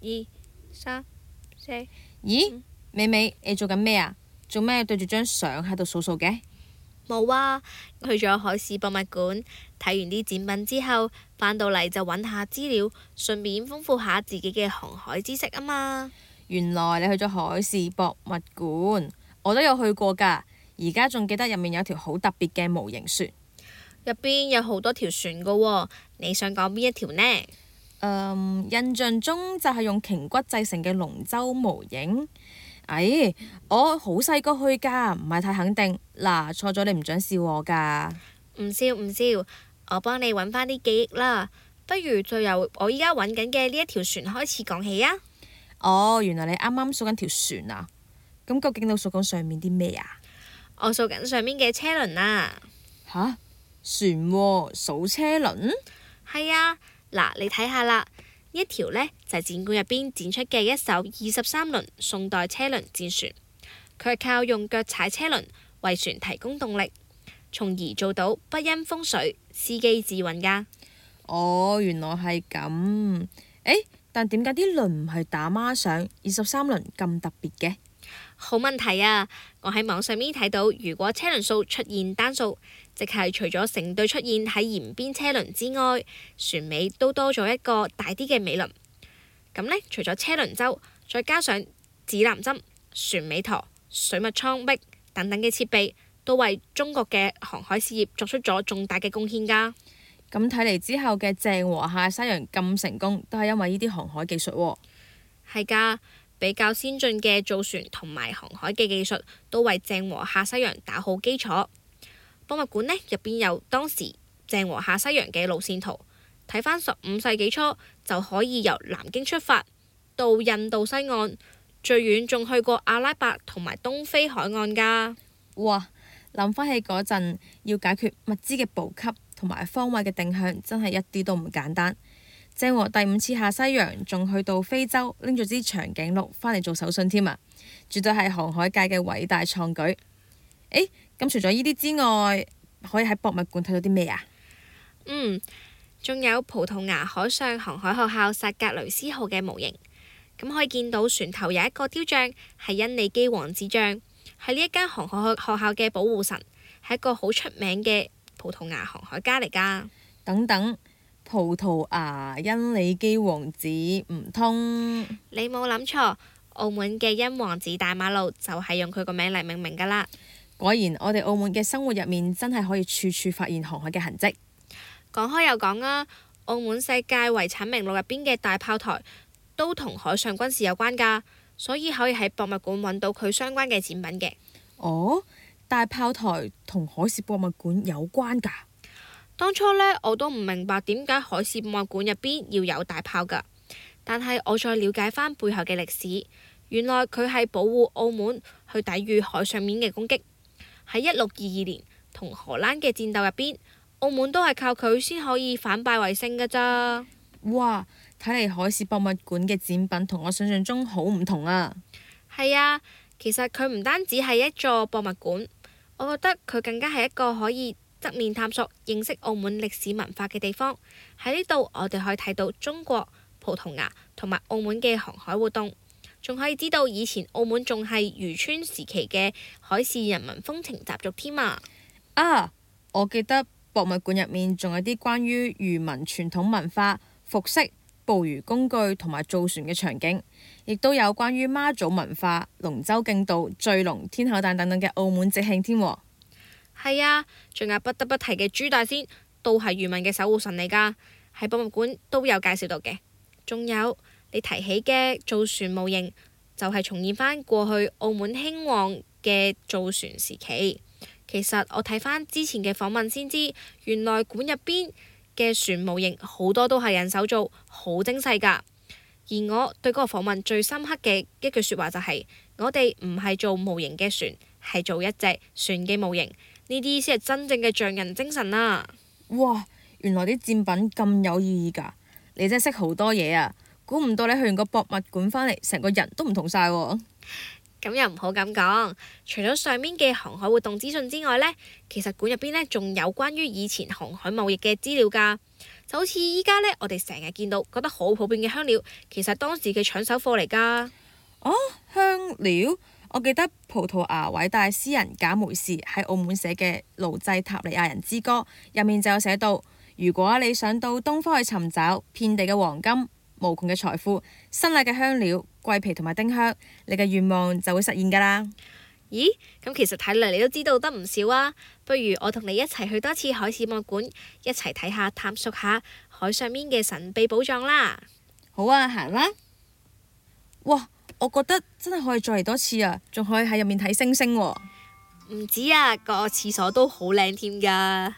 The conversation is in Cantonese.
一、二、三、四。咦，美美，你做緊咩啊？做咩對住張相喺度數數嘅？冇啊，去咗海事博物館睇完啲展品之後，返到嚟就揾下資料，順便豐富下自己嘅航海知識啊嘛。原來你去咗海事博物館，我都有去過噶。而家仲記得入面有條好特別嘅模型船，入邊有好多條船噶喎。你想講邊一條呢？Um, 印象中就係用鯨骨製成嘅龍舟模型。哎，我好細個去噶，唔係太肯定。嗱，啊，錯咗你唔准笑我噶。唔笑唔笑，我幫你揾翻啲記憶啦。不如就由我依家揾緊嘅呢一條船開始講起啊。哦，原來你啱啱數緊條船啊？咁究竟你數緊上面啲咩啊？我數緊上面嘅車輪啊。吓，船數車輪？係啊。嗱，你睇下啦，呢一條咧就係展館入邊展出嘅一艘二十三輪宋代車輪戰船，佢係靠用腳踩車輪為船提供動力，從而做到不因風水司機自運噶。哦，原來係咁，誒，但點解啲輪唔係打孖上二十三輪咁特別嘅？好問題啊！我喺網上面睇到，如果車輪數出現單數，即係除咗成對出現喺舷邊車輪之外，船尾都多咗一個大啲嘅尾輪。咁呢，除咗車輪舟，再加上指南針、船尾舵、水密艙壁等等嘅設備，都為中國嘅航海事業作出咗重大嘅貢獻噶。咁睇嚟之後嘅鄭和下西洋咁成功，都係因為呢啲航海技術喎。係噶。比較先進嘅造船同埋航海嘅技術，都為鄭和下西洋打好基礎。博物館呢，入邊有當時鄭和下西洋嘅路線圖，睇翻十五世紀初就可以由南京出發到印度西岸，最遠仲去過阿拉伯同埋東非海岸㗎。哇！諗翻起嗰陣要解決物資嘅補給同埋方位嘅定向，真係一啲都唔簡單。鄭和第五次下西洋，仲去到非洲，拎咗支長頸鹿返嚟做手信添啊！絕對係航海界嘅偉大創舉。誒，咁除咗呢啲之外，可以喺博物館睇到啲咩啊？嗯，仲有葡萄牙海上航海學校薩格雷斯號嘅模型。咁可以見到船頭有一個雕像，係恩里基王子像，係呢一間航海學學校嘅保護神，係一個好出名嘅葡萄牙航海家嚟噶。等等。葡萄牙恩里基王子，唔通你冇諗錯，澳門嘅殷皇子大馬路就係用佢個名嚟命名噶啦。果然，我哋澳門嘅生活入面真係可以處處發現航海嘅痕跡。講開又講啊，澳門世界遺產名錄入邊嘅大炮台都同海上軍事有關噶，所以可以喺博物館揾到佢相關嘅展品嘅。哦，大炮台同海事博物館有關噶。當初呢，我都唔明白點解海事博物館入邊要有大炮噶。但係我再了解返背後嘅歷史，原來佢係保護澳門去抵禦海上面嘅攻擊。喺一六二二年同荷蘭嘅戰鬥入邊，澳門都係靠佢先可以反敗為勝噶。咋哇！睇嚟海事博物館嘅展品同我想象中好唔同啊。係啊，其實佢唔單止係一座博物館，我覺得佢更加係一個可以。側面探索認識澳門歷史文化嘅地方。喺呢度，我哋可以睇到中國、葡萄牙同埋澳門嘅航海活動，仲可以知道以前澳門仲係漁村時期嘅海事人民風情習俗添啊！啊，我記得博物館入面仲有啲關於漁民傳統文化服飾、捕魚工具同埋造船嘅場景，亦都有關於媽祖文化、龍舟競渡、醉龍、天后誕等等嘅澳門節慶添喎。係啊，仲有不得不提嘅朱大仙，都係漁民嘅守護神嚟噶。喺博物館都有介紹到嘅。仲有你提起嘅造船模型，就係重現返過去澳門興旺嘅造船時期。其實我睇翻之前嘅訪問先知，原來館入邊嘅船模型好多都係人手做好精細噶。而我對嗰個訪問最深刻嘅一句說話就係：我哋唔係做模型嘅船，係做一隻船嘅模型。呢啲先係真正嘅匠人精神啊！哇，原來啲展品咁有意義噶，你真係識好多嘢啊！估唔到你去完個博物館返嚟，成個人都唔同晒喎。咁又唔好咁講，除咗上面嘅航海活動資訊之外呢，其實館入邊呢仲有關於以前航海貿易嘅資料噶，就好似依家呢，我哋成日見到覺得好普遍嘅香料，其實當時嘅搶手貨嚟噶。哦，香料。我記得葡萄牙偉大詩人賈梅士喺澳門寫嘅《盧濟塔尼亞人之歌》入面就有寫到：如果你想到東方去尋找遍地嘅黃金、無窮嘅財富、辛辣嘅香料、桂皮同埋丁香，你嘅願望就會實現噶啦。咦？咁其實睇嚟你都知道得唔少啊！不如我同你一齊去多次海事博物館，一齊睇下探索下海上面嘅神秘寶藏啦！好啊，行啦！哇！我覺得真係可以再嚟多次啊！仲可以喺入面睇星星喎。唔止啊，個廁所都好靚添噶。